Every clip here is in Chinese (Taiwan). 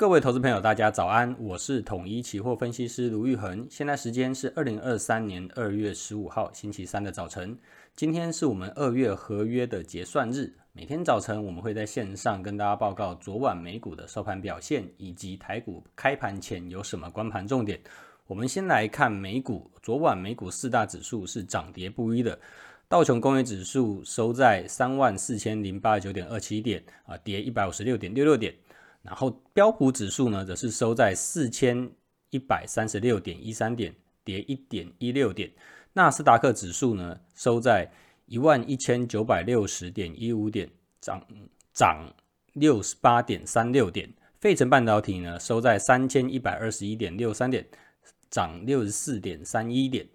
各位投資朋友，大家早安，我是統一期貨分析師盧昱衡。現在時間是二零二三年二月十五號星期三的早晨。今天是我們二月合約的結算日。每天早晨我們會在線上跟大家報告昨晚美股的收盤表現以及台股開盤前有什麼觀盤重點。我們先來看美股，昨晚美股四大指數是漲跌不一的。道瓊工業指數收在三萬四千零八十九點二七點，啊、呃，跌一百五十六點六六點。然後標普指數呢則是收在四千一百三十六點一三點，跌一點一六點。納斯達克指數呢收在一萬一千九百六十點一五點，漲漲六十八點三六點。費城半導體呢收在三千一百二十一點六三點，漲六十四點三一點。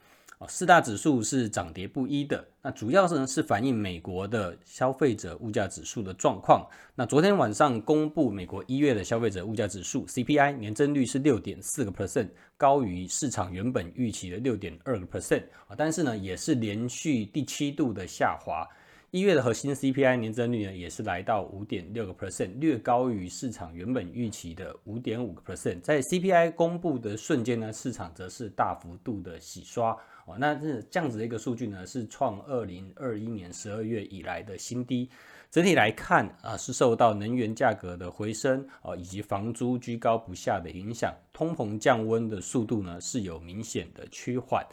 四大指數是漲跌不一的，那主要是呢是反映美國的消費者物價指數的狀況。那昨天晚上公布美國一月的消費者物價指數 CPI 年增率是六點四個 percent，高於市場原本預期的六點二個 percent 啊，但是呢也是連續第七度的下滑。一月的核心 CPI 年增率呢，也是來到五點六個 percent，略高於市場原本預期的五點五個 percent。在 CPI 公布的瞬間呢，市場則是大幅度的洗刷哦，那這這樣子的一個數據呢，是創二零二一年十二月以來的新低。整體來看啊、呃，是受到能源價格的回升啊、哦，以及房租居高不下的影響，通膨降溫的速度呢，是有明顯的趨緩。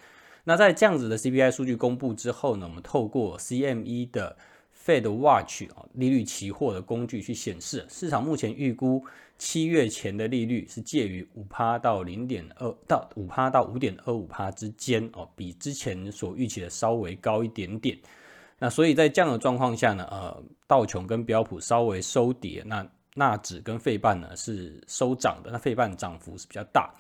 那在這樣子的 CPI 數據公布之後呢，我們透過 CME 的 Fed Watch 哦，利率期貨的工具去顯示，市場目前預估七月前的利率是介於五趴到零點二到五趴到五點二五趴之間哦，比之前所預期的稍微高一點點。那所以在這樣的狀況下呢，呃道瓊跟標普稍微收跌，那納指跟費半呢是收漲的，那費半漲幅是比較大。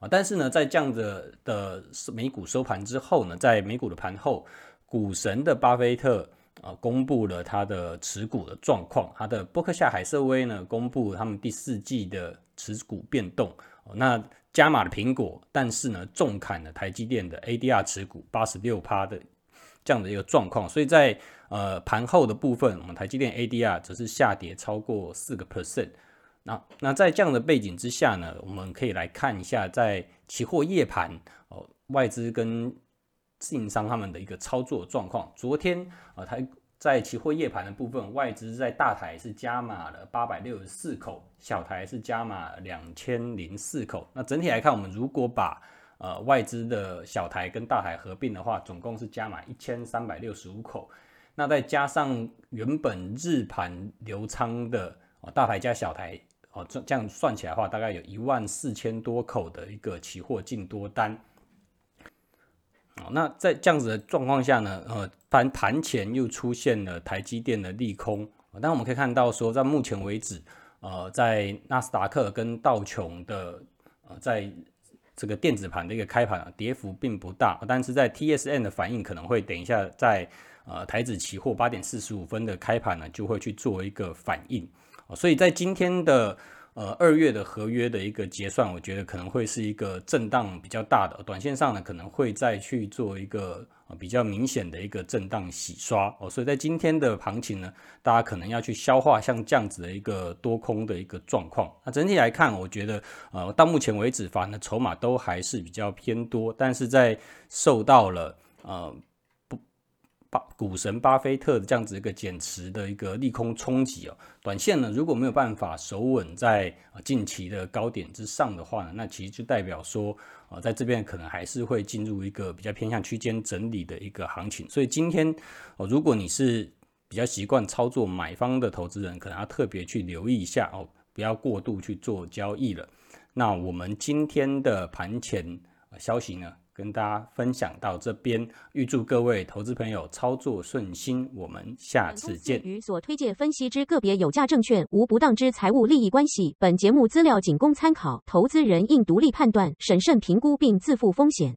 啊，但是呢，在這樣的的美股收盤之後呢，在美股的盤後，股神的巴菲特啊、呃，公布了他的持股的狀況。他的波克夏海瑟威呢，公布他們第四季的持股變動。哦、那加碼的蘋果，但是呢，重砍了台積電的 ADR 持股八十六趴的這樣的一個狀況。所以在呃盤後的部分，我們台積電 ADR 只是下跌超過四個 percent。啊，那在這樣的背景之下呢，我們可以來看一下在期貨夜盤哦、呃，外資跟自營商他們的一個操作狀況。昨天啊，它、呃、在期貨夜盤的部分，外資在大台是加碼了八百六十四口，小台是加碼兩千零四口。那整體來看，我們如果把呃外資的小台跟大台合併的話，總共是加碼一千三百六十五口。那再加上原本日盤留倉的。哦，大台加小台，哦，這這樣算起來的話，大概有一萬四千多口的一個期貨淨多單。哦，那在這樣子的狀況下呢，呃，盤盤前又出現了台積電的利空。當然我們可以看到說，在目前為止，呃，在納斯達克跟道瓊的呃，在這個電子盤的一個開盤啊，跌幅並不大。但是在 TSM 的反應可能會等一下在呃台指期貨八點四十五分的開盤呢，就會去做一個反應。所以在今天的呃二月的合約的一個結算，我覺得可能會是一個震盪比較大的，短線上呢可能會再去做一個、呃、比較明顯的一個震盪洗刷哦、呃。所以在今天的行情呢，大家可能要去消化像這樣子的一個多空的一個狀況。那整體來看，我覺得呃到目前為止，反正籌碼都還是比較偏多，但是在受到了呃……股神巴菲特這樣子一個減持的一個利空衝擊哦，短線呢，如果沒有辦法守穩在近期的高點之上的話呢，那其實就代表說，在這邊可能還是會進入一個比較偏向區間整理的一個行情。所以今天哦，如果你是比較習慣操作買方的投資人，可能要特別去留意一下哦，不要過度去做交易了。那我們今天的盤前。消息呢，跟大家分享到這邊，預祝各位投資朋友操作順心。我們下次見。與所推介分析之個別有價證券無不當之財務利益關係。本節目資料僅供參考，投資人應獨立判斷、審慎評估並自負風險。